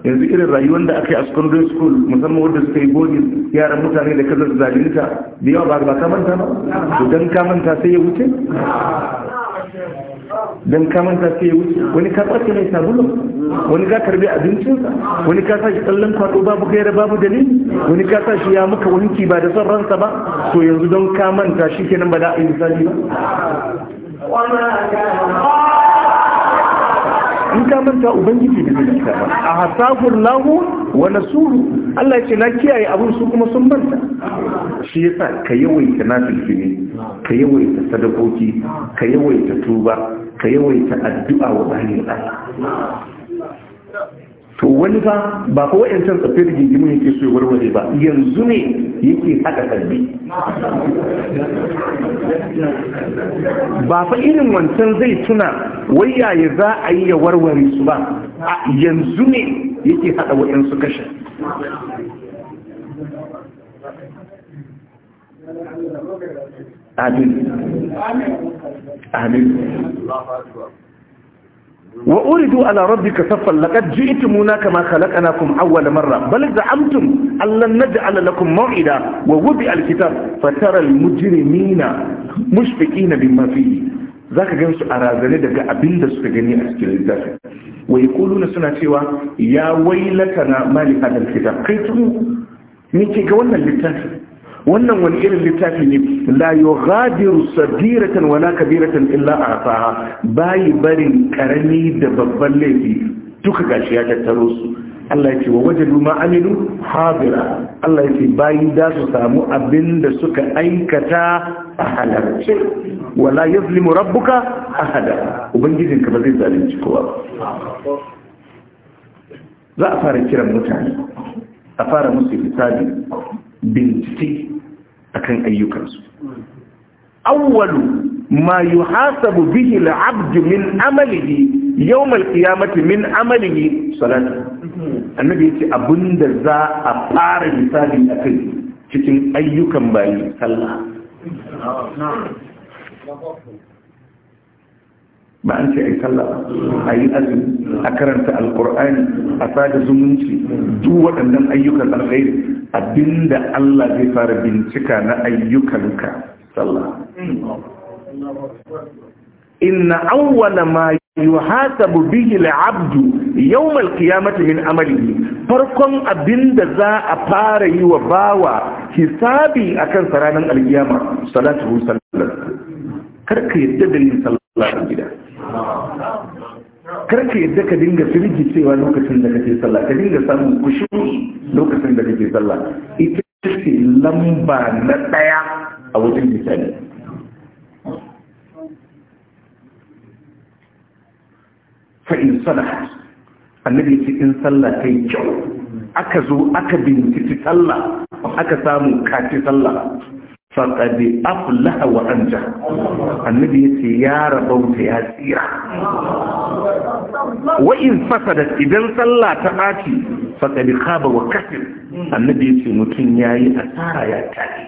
yanzu irin rayuwar da aka yi a secondary school musamman wadda suka yi bodi yaran mutane da kazar zalinta da yawa ba ka manta ba to don ka manta sai ya wuce don ka manta sai ya wuce wani ka tsarki mai sabulu wani ka karbi abincin, wani ka sa shi kallon kwado babu gaira babu dalili wani ka sa shi ya muka wanki ba da son ransa ba to yanzu don ka manta shi kenan ba da a yi misali ba in ka manta ubangiji da zai ta ba a hasafur lahu wa nasuru Allah ce na kiyaye abun su kuma sun manta shi yasa ka yawaita ne ka yawaita sadakoki ka yawaita tuba ka yawaita addu'a wa bayin Allah to wani fa ba fa wa'ancan da rigingimu yake so ya warware ba yanzu ne yake haka sabbi ba fa irin wancan zai tuna waya ya za a yi ya warware su ba yanzu ne yake haɗa su kashe amin amin wa uridu ala rabbika saffan laqad ji'tumuna kama khalaqnakum awwala marra bal za'amtum allan naj'ala lakum maw'ida wa wudi alkitab fatara almujrimina mushfiqina bima fihi zaka gansu a daga abinda suka gani a cikin littafin wa yaquluna suna cewa ya wailatana mali hadal kitab kai tun ke ga wannan littafin wannan wani irin littafi ne la yughadiru sabiratan wala kabiratan illa a'taha bai barin karami da babban laifi duka gashi ya tattaro su Allah ya ce wa wajadu ma amilu hadira Allah ya ce bayi da su samu abin da suka aikata a halarce wala yazlimu rabbuka ahada ubangijinka ba zai zalunci kowa za a fara kiran mutane a fara musu hisabi bincike akan ayyukansu awwalu ma yuhasabu bihi al-'abdu min amalihi yawm al-qiyamati min amalihi salatu annabi yace abinda za a fara misali akan cikin ayyukan bayi sallah ba an ce a yi sallah a yi azumi a karanta alkur'ani a sada zumunci duk waɗannan ayyukan alkhairi abinda Allah zai fara bincika na ayyukanka sallah inna awwala ma yuhasabu bihi al-'abdu yawm al-qiyamati min amalihi farkon abinda za a fara yi wa bawa hisabi akan saranan al-qiyama salatu sallallahu karka yadda da yin sallah gida karka yadda ka dinga firgi cewa lokacin da kake sallah ka dinga samun kushi lokacin da kake sallah ita ce lamba na daya a wajen misali fa in salaha annabi ce in sallah ta kyau aka zo aka binciki sallah aka samu kaci sallah faƙaɗi aflaha wa anja annabi ya ce ya rabauta ya tsira fasa da idan sallah ta ɓaci faƙaɗi kaba wa kafin annabi ya ce mutum ya yi asara ya tafi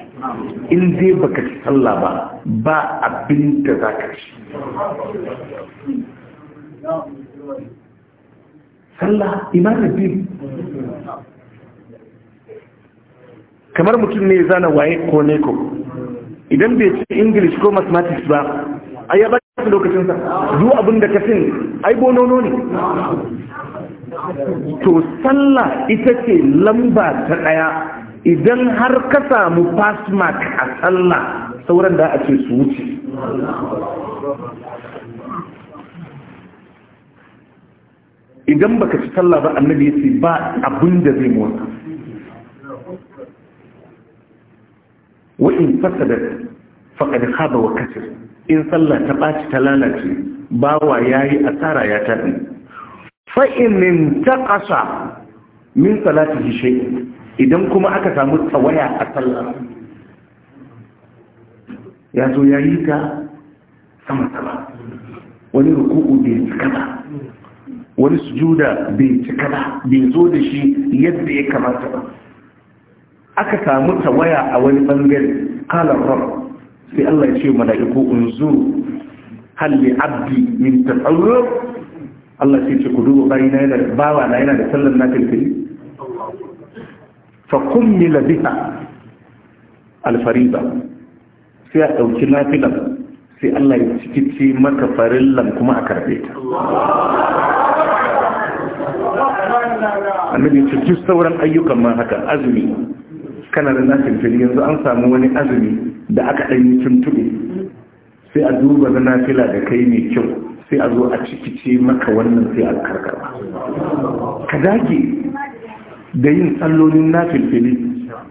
in dai baka ci sallah ba ba abin da za ka ci sallah imanin biyu kamar mutum ne zana waye ko ne ko idan bai ci english ko mathematics ba ai ya baka lokacin sa duk abin da ka sin ai bonono ne to sallah ita ce lamba ta daya idan har ka samu pass mark a sallah sauran da a ce su wuce idan baka ci sallah ba annabi ya ba abin da zai motsa wa'in fasadar faƙad haɓa wa kasir in sallah ta ɓaci ta lalace bawa ya yi asara ya taɗi fa'inin ta ƙasa min salatu hishe idan kuma aka samu tsawaya a sallah ya zo ya yi ta sama-sama wani ruku'u bai cika ba wani sujuda bai cika ba bai zo da shi yadda ya kamata ba aka samu tawaya a wani bangare kalar rab sai Allah ya ce mala'iku unzuru halli abdi min tasawwur Allah sai ce ku dubu duba na yana bawa na yana da sallan na tilfili fa kummila biha alfariba sai a dauki nafilan sai Allah ya cikice maka farillan kuma a karbe ta annabi ce duk sauran ayyukan ma haka azumi kana da nafilfil yanzu an samu wani azumi da aka ɗanyi tuntuɓe sai a duba na nafila da kai mai kyau sai a zo a ciki ce maka wannan sai a karkara ka dage da yin tsallonin tsallolin filfili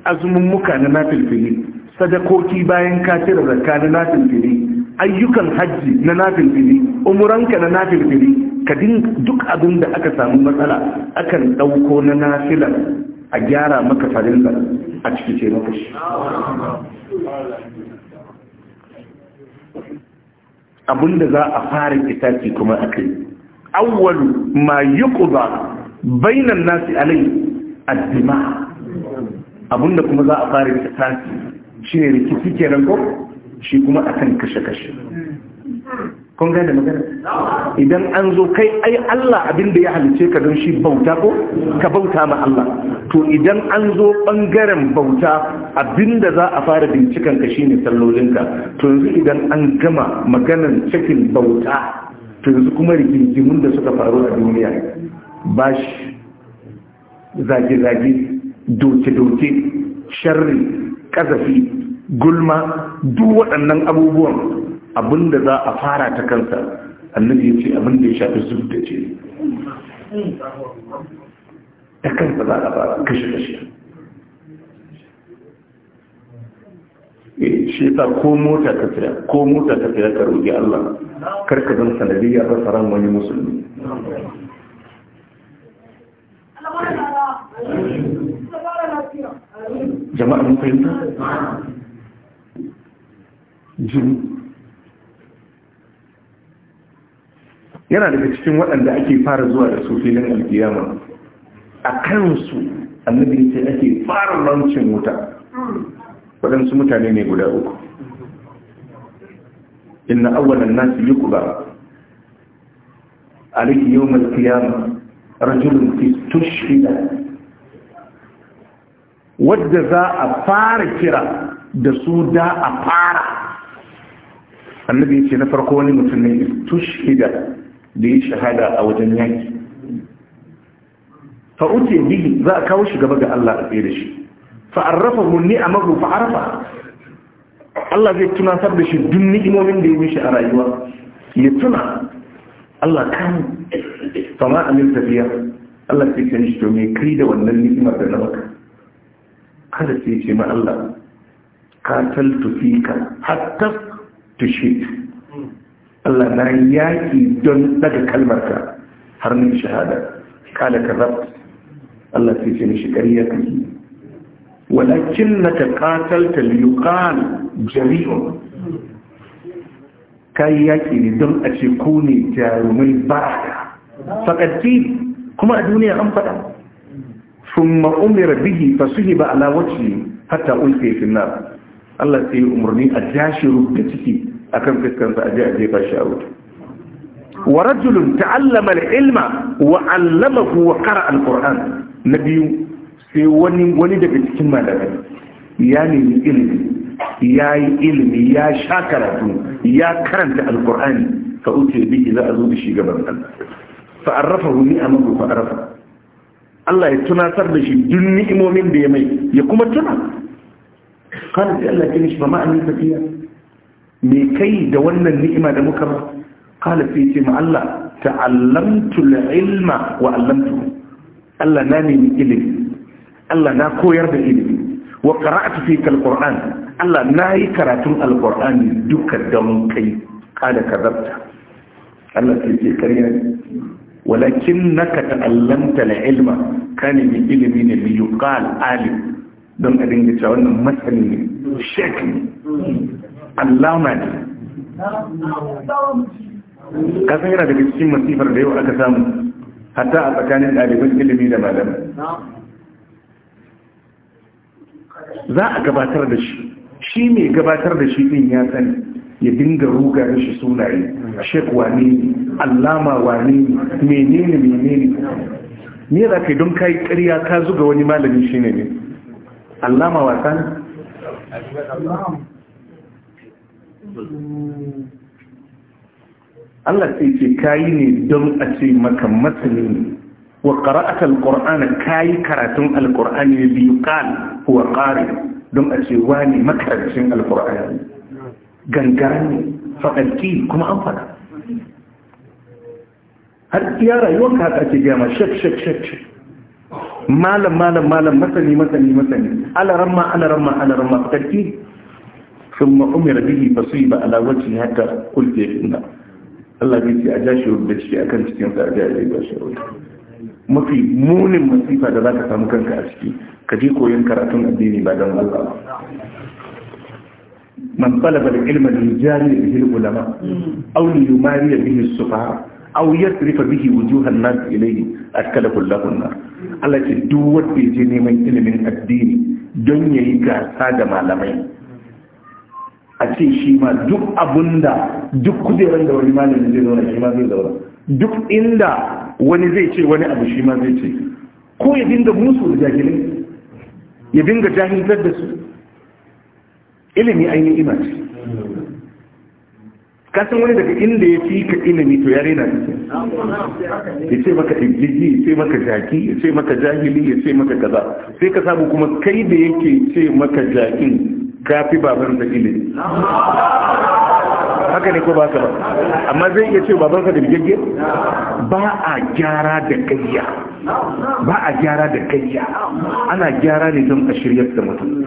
azumin muka na filfili sadakoki bayan ka cire zakka na filfili ayyukan hajji na filfili umuranka na filfili ka duk abin da aka samu matsala akan ɗauko na nafilar a gyara maka farinsa a ciki ce maka shi abinda za a fara itaci kuma a kai awwalu ma yuqda bainan nasi alai addima abinda kuma za a fara shi shine rikici kenan ko shi kuma akan kashe kashe kun gane magana idan an zo kai ai Allah abin da ya halice ka don shi bauta ko ka bauta ma Allah to idan an zo bangaren bauta abinda za a fara bincikan ka shine sallolinka to yanzu idan an gama maganar cikin bauta to yanzu kuma rigingimun da suka faru a duniya bashi zage-zage doke-doke sharri kazafi gulma duk waɗannan abubuwan abinda za a fara ta kansa annabi ya ce abinda ya shafi zub da ce ta kansa za a fara kashe kashe eh, shi ta ko mota ta tsaya ko mota ta tsaya ka roƙi Allah karka zan sanadiyya ta tsaron wani musulmi jama'a mun fahimta jini yana daga cikin waɗanda ake fara zuwa da su filin alkiyama a kansu annabi ce ake fara launcin wuta waɗansu mutane ne guda uku inna awwalan nasu yuqba alayhi yawm al-qiyamah rajulun fi tushhida wadda za a fara kira da su da a fara annabi ce na farko wani mutum ne tushhida da ya shahada a wajen yaki fa bihi za a kawo shi gaba ga Allah a tsaye da shi fa arrafa mun ni'amahu fa arafa Allah zai tunatar da shi duk ni'imomin da ya mishi a rayuwa ya tuna Allah kan fa ma amin tafiya Allah sai ya shi to me kai da wannan ni'imar da na maka kada sai ce ma Allah qataltu fika hatta tushit Allah na yaƙi don daga kalmarka har ni shahada kala karab Allah sai ce mishi ƙarya kake walakin na ta katalta liyukan jari'un yi yaƙi ne don a ce ko ne jarumai ba faƙaddi kuma a duniya an faɗa sun ma'umira bihi fa yi ba alawaci wacce hatta ulfe finna Allah sai umarni a jashi rubuta ciki akan fiskansa aje a jefa shi a wuta wa rajulun ta'allama al-ilma wa 'allamahu wa qara'a al-qur'an nabiyu sai wani wani daga cikin malamai ya nemi ilimi ya yi ilimi ya sha karatu ya karanta alkur'ani fa uke bihi za a zo da shi gaban Allah fa arrafa hu ni'amahu fa arrafa Allah ya tunatar da shi duk ni'imomin da ya mai ya kuma tuna kana sai Allah ya nishi ba ma'anin tafiya me kai da wannan ni'ima da muka ba kala sai ce ma Allah ta'allamtu al-ilma wa 'allamtu Allah na nemi ilimi Allah na koyar da ilimi wa qara'tu fi al-Qur'an Allah na yi karatun al-Qur'ani duka don kai kala kadabta Allah sai ce kariya walakinnaka ta'allamta al-ilma kana bi ilimi ne bi yuqal alim don a dinga cewa wannan masani ne ne allama ne kasan yana daga cikin masifar da yau aka samu hatta a tsakanin ɗaliban ilimi da malamai za a gabatar da shi shi mai gabatar da shi ɗin ya sani ya dinga ruga shi sunaye shek wane ne allama wane ne menene menene ne za ka yi don kayi karya ka zuga wani malamin shi ne ne allama wasan? Allah sai ce kayi ne don a ce maka masani ne wa qara'atal qur'ana kayi karatun alqur'ani bi yuqal huwa qari don a ce wani makarantun alqur'ani gangara ne faɗalki kuma an faɗa har iya rayuwar ka haka ake gama shek shek shek shek malam malam malam masani masani masani alaramma alaramma alaramma faɗalki ثم أمر به فصيب على وجهه حتى قلت إن الله بيس أجاشي وبيش أكن تكين فأجاي لي باشي ما في مون مصيفة دلاتة فمكان كأشكي كجيكو ينكر أتون أديني بعد الله من طلب العلم الهجاري به العلماء أو ليماري به السفهاء أو يصرف به وجوه الناس إليه أتكلف الله النار التي دوت بجنة من علم الدين دنيا يكا سادة معلمين a ce shi ma duk da duk kujerar da wani malamin zai zauna shi ma zai zauna duk inda wani zai ce wani abu shi ma zai ce ko ya dinga musu da jahilai ya dinga jahilar da su ilimi ainihin ima ce kasan wani daga inda ya fi ka ilimi to ya rena da ya ce maka ibjiji ya ce maka jaki ya ce maka jahili ya ce maka kaza sai ka samu kuma kai da yake ce maka jakin ka fi babansa ne haka ne ko ba ka ba amma zai iya ce babansa da bigagge ba a gyara da kayya ba a gyara da kayya ana gyara ne don a shirya da mutum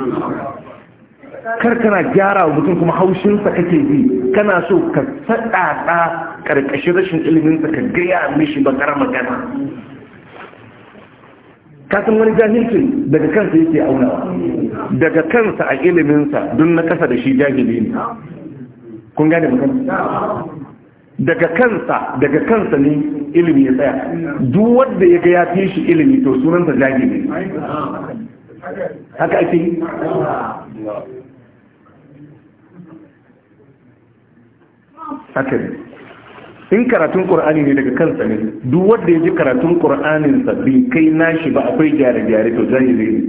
kar kana gyara wa mutum kuma haushinsa kake bi kana so ka faɗaɗa ƙarƙashin rashin iliminsa ka gaya mishi bakar magana kasan wani jahilcin daga kansa yake aunawa daga kansa a iliminsa don na kasa da shi jahili ne kun gane mutum daga kansa daga kansa ne ilimi ya tsaya duk wanda ya ga ya fi shi ilimi to sunansa jahili haka ake haka ne in karatun ƙur'ani ne daga kansa ne duk wanda ya ji karatun ƙur'anin sa bai kai nashi ba akwai gyare-gyare to zai ne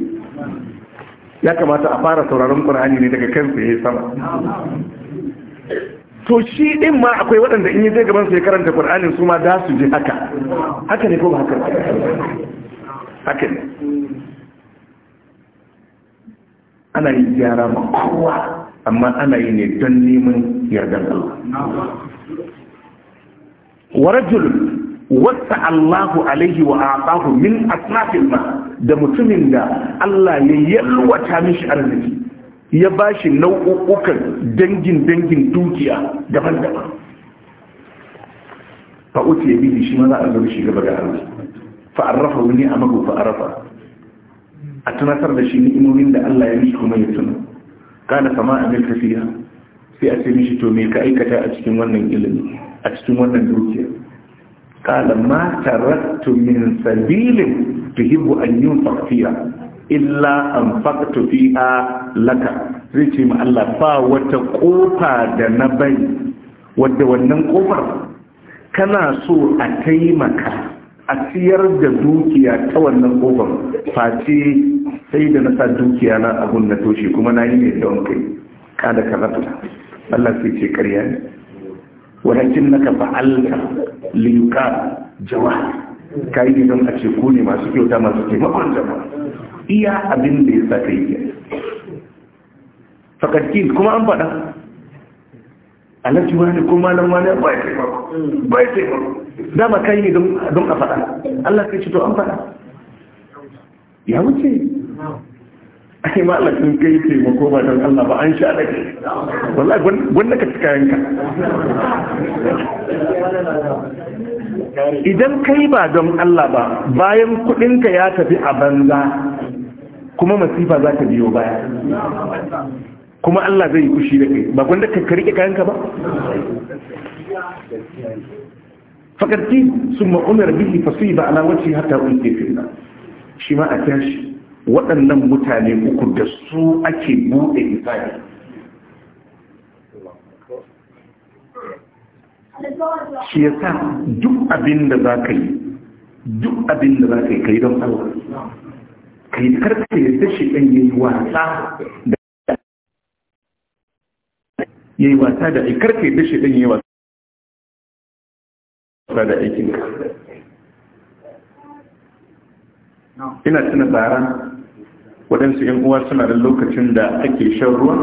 ya kamata a fara sauraron ƙur'ani ne daga kansa ya sama to shi din ma akwai waɗanda in yi zai gaban su ya karanta ƙur'anin su ma za su ji haka haka ne ko ba haka haka ne ana yi gyara ma kowa amma ana yi ne don neman yardan Allah wa rajul wasa Allahu alaihi wa min asnafil ma da mutumin da Allah ya yalwata mishi arziki ya bashi nau'u'ukan dangin dangin dukiya daban-daban fa uti ya bihi shi ma za a zo shi gaba ga Allah fa wani amaku fa arrafa a tunatar da shi ni'imomin da Allah ya mishi kuma ya tuna kana sama amil tafiya sai a ce mishi to me ka aikata a cikin wannan ilimi a cikin wannan dukiya kala ma tarattu min sabilin tuhibbu an yi mafafiya illa anfaqtu fiha laka zai ce ma Allah ba wata kofa da na bai wadda wannan kofar kana so a taimaka a siyar da dukiya ta wannan kofar face sai da na sa dukiya na abun na toshe kuma na yi mai don kai kada ka rafta Allah sai ce ƙarya ne walakin ka fa'alta liyuka jawa ka yi don a ce ku ne masu kyauta masu makon jama'a iya abin da ya sa kai ke fakatkin kuma an faɗa alhaji wani ko nan wani ba ya taimako ba ya taimako dama ka yi don a faɗa Allah sai ce to an faɗa ya wuce ai malam kai kai ma ba don Allah ba an sha da ke wallahi gwanda ka cika yanka idan kai ba don Allah ba bayan kudinka ya tafi a banza kuma masifa za ta biyo baya kuma Allah zai yi kushi da kai ba gwanda ka karike kayanka ba fakarci sun ma'unar bihi fasiba ala wacce hatta ulke fi shi ma a tashi waɗannan mutane uku da su ake buɗe misali shi ya sa duk abin da za ka yi duk abin da za ka yi ka yi don Allah ka yi karka yadda shi ɗan yayi yi wasa da ya yi wasa da aikar ya yadda shi ɗan yayi yi wasa da aikin ina tuna tsara waɗansu ‘yan uwa suna da lokacin da ake shan ruwa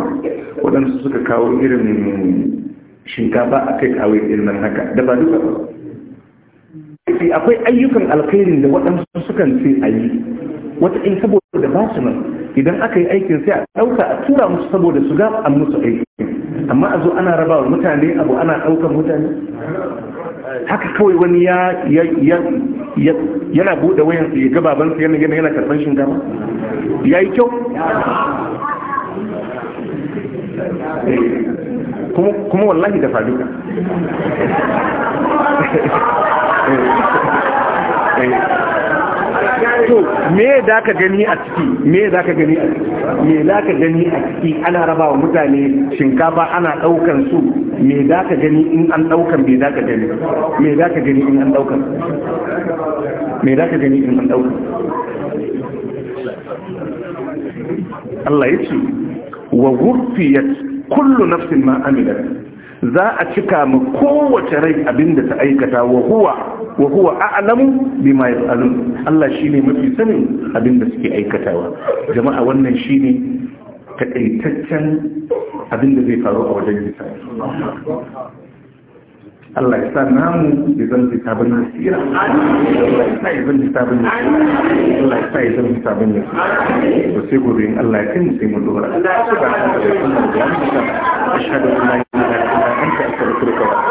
waɗansu suka kawo irin shinkafa a kai kawo irin haka da ba duka ba akwai ayyukan alkhairin da waɗansu sukan ce a yi wata in saboda ba su nan idan aka yi aikin sai a ɗauka a tura musu saboda su ga an musu aiki. amma a zo ana rabawa mutane abu ana ɗaukar mutane haka kawai wani ya yana bude wayan ya ga baban sa yana yana karban ya yayi kyau eh, kuma wallahi da faruka to me da ka gani a ciki me za ka gani a ciki me za ka gani a ciki ana raba wa mutane shinkafa ana daukan su me da ka gani in an daukan me da ka gani me da ka gani in an daukan me za ka gani in an daukan Allah ya ce wa gurfiyat kullu nafsin ma amilat za a cika ma kowace rai abinda ta aikata wa huwa wa huwa a'lamu bima yaf'alun Allah shine mafi sanin abinda suke aikatawa jama'a wannan shine takaitaccen abinda zai faru a wajen hisabi Allah ya sa namu ya zan hisabin nasira Allah ya sa ya zan hisabin nasira Allah ya sa ya zan hisabin nasira to sai gobe Allah ya kai mu sai mu dora subhanallahi wa bihamdihi ashhadu an la ilaha shirka ba